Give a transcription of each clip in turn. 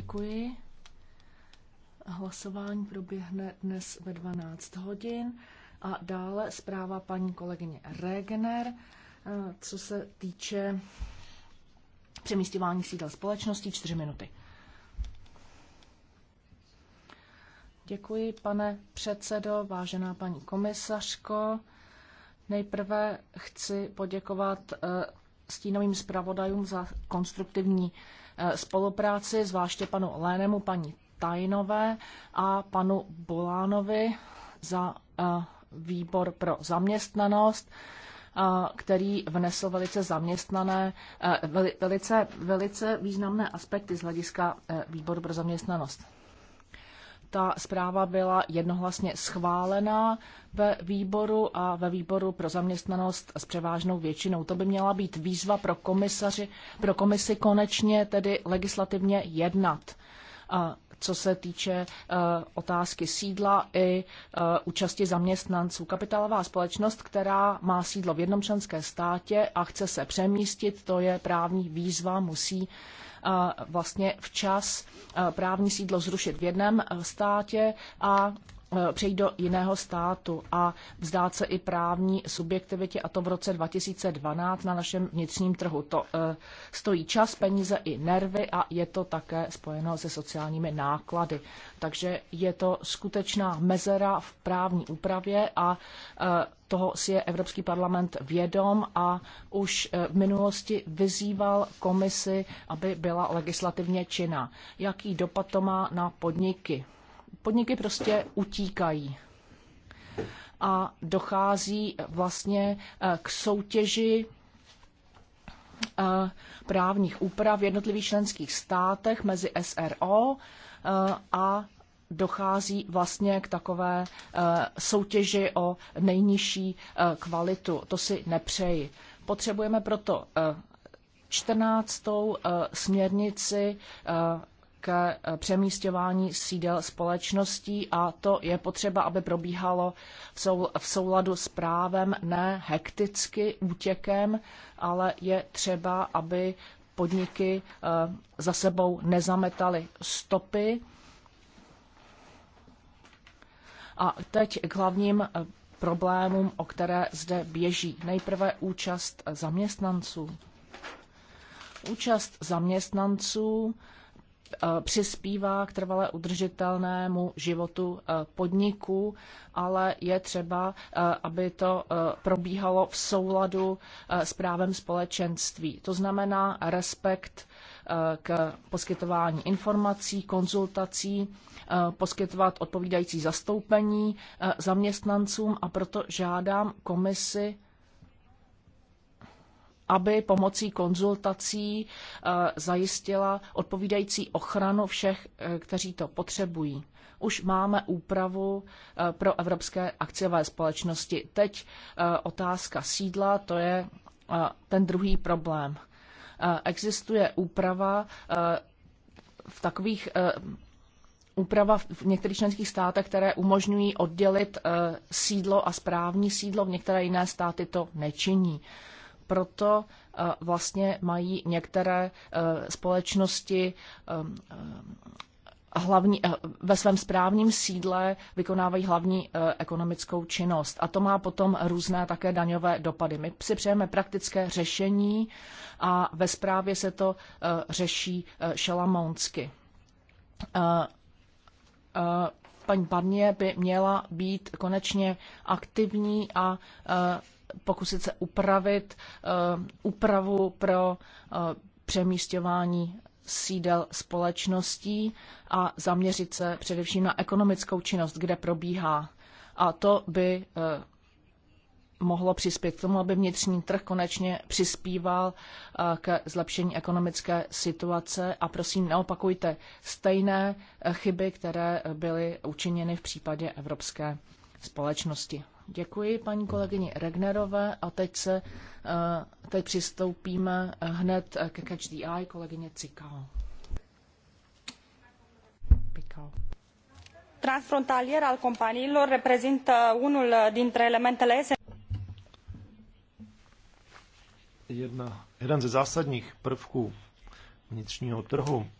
Děkuji. Hlasování proběhne dnes ve 12 hodin. A dále zpráva paní kolegyně Regner, eh, co se týče přemístěvání sídel společnosti, čtyři minuty. Děkuji, pane předsedo, vážená paní komisařko. Nejprve chci poděkovat eh, stínovým zpravodajům za konstruktivní Eh, spolupráci, zvláště panu Lénemu, paní Tajnové a panu Bolánovi za eh, výbor pro zaměstnanost, eh, který vnesl velice zaměstnané, velice, velice významné aspekty z hlediska výboru pro zaměstnanost ta zpráva byla jednohlasně schválená ve výboru a ve výboru pro zaměstnanost s převážnou většinou. To by měla být výzva pro, komisaři, pro komisi konečně tedy legislativně jednat. A co se týče uh, otázky sídla i uh, účasti zaměstnanců. Kapitálová společnost, která má sídlo v jednom členském státě a chce se přemístit, to je právní výzva, musí vlastně včas právní sídlo zrušit v jednom e, státě a Eh, přejít do jiného státu a vzdát se i právní subjektivitě, a to v roce 2012 na našem vnitřním trhu. To eh, stojí čas, peníze i nervy a je to také spojeno se sociálními náklady. Takže je to skutečná mezera v právní úpravě a eh, toho si je Evropský parlament vědom a už v minulosti vyzýval komisi, aby byla legislativně činná. Jaký dopad to má na podniky? podniky prostě utíkají a dochází vlastně eh, k soutěži eh, právních úprav v jednotlivých členských státech mezi SRO eh, a dochází vlastně k takové soutěži o nejnižší kvalitu. To si nepřeji. Potřebujeme proto 14. směrnici k eh, přemístování sídel společností a to je potřeba, aby probíhalo v souladu s právem, ne hekticky útěkem, ale je třeba, aby podniky eh, za sebou nezametaly stopy. A teď k hlavním eh, problémům, o které zde běží. Nejprve účast zaměstnanců. Účast zaměstnanců Eh, přispívá k trvale udržitelnému životu eh, podniku, ale je třeba, eh, aby to probíhalo v souladu s právem společenství. To znamená respekt k poskytování informací, konzultací, poskytovat odpovídající zastoupení zaměstnancům a proto žádám komisi, aby pomocí konzultací eh, zajistila odpovídající ochranu všech, eh, kteří to potřebují. Už máme úpravu eh, pro evropské akciové společnosti. Teď otázka sídla, to je ten druhý problém. Existuje úprava v takových úprava v některých členských státech, které umožňují oddělit sídlo a správní sídlo, v některé jiné státy to nečiní proto eh, vlastně mají některé eh, společnosti eh, hlavní, ve svém správním sídle vykonávají hlavní ekonomickou činnost. A to má potom různé také daňové dopady. My si přejeme praktické řešení a ve zprávě se to řeší šalamounsky paní Barnier by měla být konečně aktivní a e, pokusit se upravit e, úpravu pro e, přemístování sídel společností a zaměřit se především na ekonomickou činnost, kde probíhá. A to by mohlo přispět k tomu, aby vnitřní trh konečně přispíval eh, k zlepšení ekonomické situace a prosím neopakujte stejné eh, chyby, které eh, byly učiněny v případě evropské společnosti. Děkuji paní kolegyni Regnerové a teď se teď přistoupíme hned ke Catch the Eye kolegyně Cikal. Pikao transfrontalier al companiilor reprezintă unul dintre elementele esențiale jedna, jeden ze zásadních prvků vnitřního trhu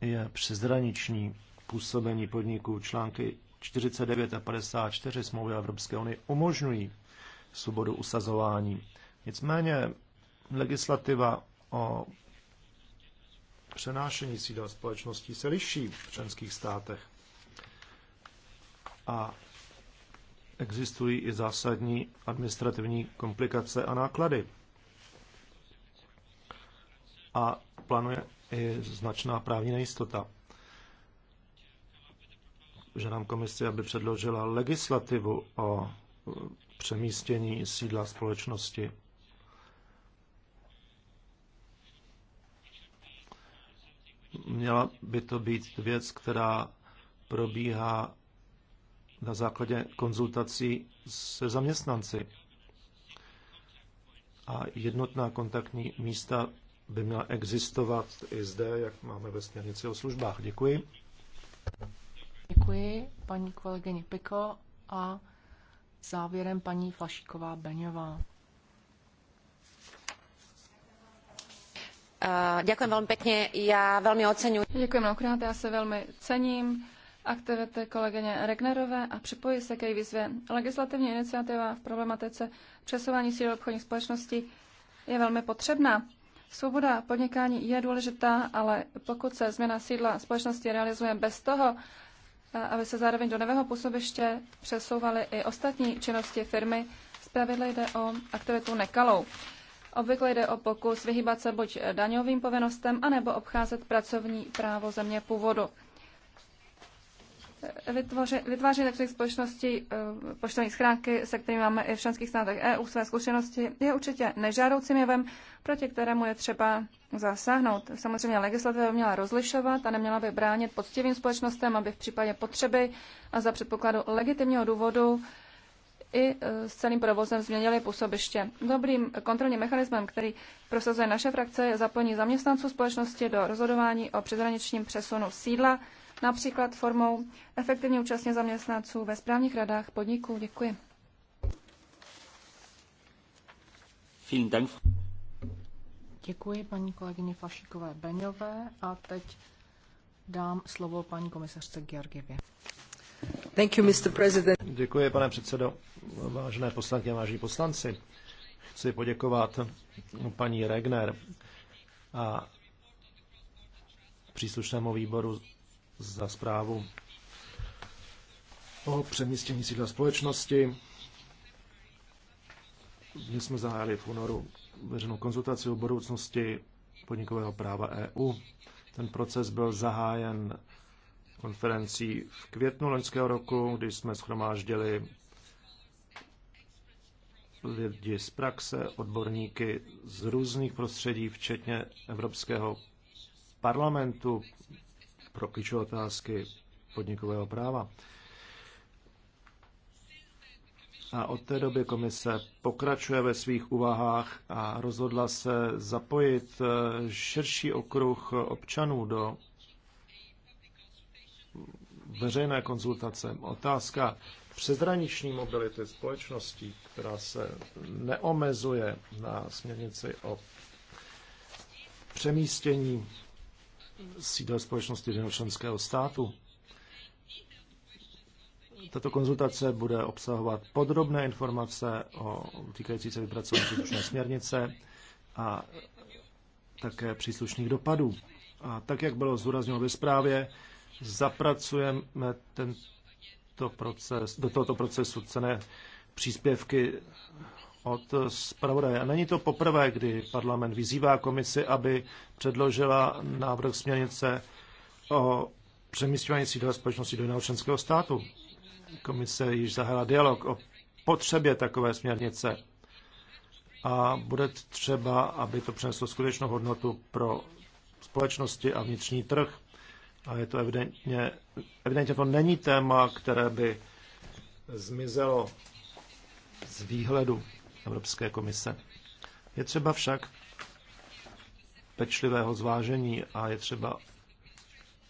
je přezraniční působení podniků. Články 49 a 54 smlouvy Evropské unie umožňují svobodu usazování. Nicméně legislativa o přenášení sídla společností se liší v členských státech. A existují i zásadní administrativní komplikace a náklady. A plánuje i značná právní nejistota. Že nám komise, aby předložila legislativu o přemístění sídla společnosti. Měla by to být věc, která probíhá na základě konzultací se zaměstnanci. A jednotná kontaktní místa by měla existovat i zde, jak máme ve směrnici o službách. Děkuji. Děkuji paní kolegyně Piko a závěrem paní Flašíková Beňová. Eh, děkuji velmi pěkně, já velmi oceňuji. Děkuji mnohokrát, já se velmi cením aktivity kolegyně Regnerové a připojí se k její výzvě. Legislativní iniciativa v problematice přesování síl obchodních společností je velmi potřebná. Svoboda podnikání je důležitá, ale pokud se změna sídla společnosti realizuje bez toho, aby se zároveň do nového působiště přesouvaly i ostatní činnosti firmy, zpravidla jde o aktivitu nekalou. Obvykle jde o pokus vyhýbat se buď daňovým povinnostem, anebo obcházet pracovní právo země původu vytváří takových společností eh, poštovní schránky, se kterými máme i v členských státech EU své zkušenosti, je určitě nežádoucím jevem, proti kterému je třeba zasáhnout. Samozřejmě legislativa měla rozlišovat a neměla by bránit poctivým společnostem, aby v případě potřeby a za předpokladu legitimního důvodu i eh, s celým provozem změnili působiště. Dobrým kontrolním mechanismem, který prosazuje naše frakce, je zapojení zaměstnanců společnosti do rozhodování o přeshraničním přesunu sídla například formou efektivní účastně zaměstnanců ve správních radách podniků. Děkuji. Děkuji paní kolegyni Fašíkové Beňové a teď dám slovo paní komisařce Georgievě. Thank you, Mr. President. Děkuji, pane předsedo. Vážené a vážení poslanci, chci poděkovat paní Regner a příslušnému výboru za zprávu o přemístění sídla společnosti. My jsme zahájili v únoru veřejnou konzultaci o budoucnosti podnikového práva EU. Ten proces byl zahájen konferencí v květnu loňského roku, kdy jsme schromáždili lidi z praxe, odborníky z různých prostředí, včetně Evropského parlamentu, pro klíčové otázky podnikového práva. A od té doby komise pokračuje ve svých úvahách a rozhodla se zapojit eh, širší okruh občanů do veřejné konzultace. Otázka přezraniční mobility společností, která se neomezuje na směrnici o přemístění sídel společnosti jednoho členského státu. Tato konzultace bude obsahovat podrobné informace o týkající se vypracování příslušné směrnice a také příslušných dopadů. A tak, jak bylo zúrazněno ve zprávě, zapracujeme tento proces, do tohoto procesu cené příspěvky od zpravodaje. A není to poprvé, kdy parlament vyzývá komisi, aby předložila návrh směrnice o přemístěvání sídla společnosti do jiného členského státu. Komise již zahájila dialog o potřebě takové směrnice a bude třeba, aby to přineslo skutečnou hodnotu pro společnosti a vnitřní trh. A je to evidentně, evidentně to není téma, které by zmizelo z výhledu. Evropské komise. Je třeba však pečlivého zvážení a je třeba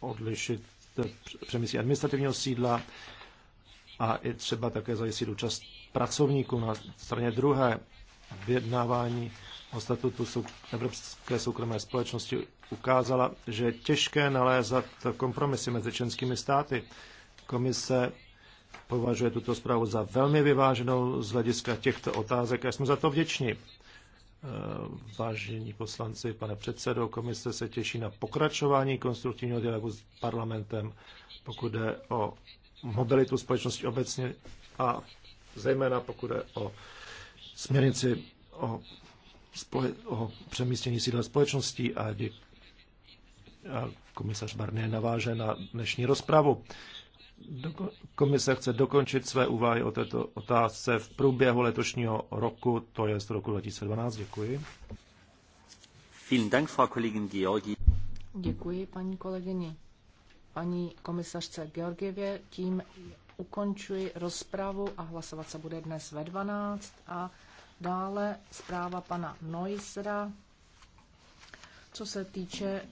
odlišit přemyslí administrativního sídla a je třeba také zajistit účast pracovníků na straně druhé vyjednávání o statutu Evropské soukromé společnosti ukázala, že je těžké nalézat kompromisy mezi členskými státy. Komise považuje tuto zprávu za velmi vyváženou z hlediska těchto otázek a jsme za to vděční. E, vážení poslanci, pane předsedo, komise se těší na pokračování konstruktivního dialogu s parlamentem, pokud jde o mobilitu společnosti obecně a zejména pokud jde o směrnici o, spole- o přemístění sídla společností a, dě- a komisař Barnier naváže na dnešní rozpravu. Komise chce dokončit své úvahy o této otázce v průběhu letošního roku, to je z roku 2012. Děkuji. Děkuji paní kolegyni. Paní komisařce Georgievě, tím ukončuji rozpravu a hlasovat se bude dnes ve 12. A dále zpráva pana Neusera, co se týče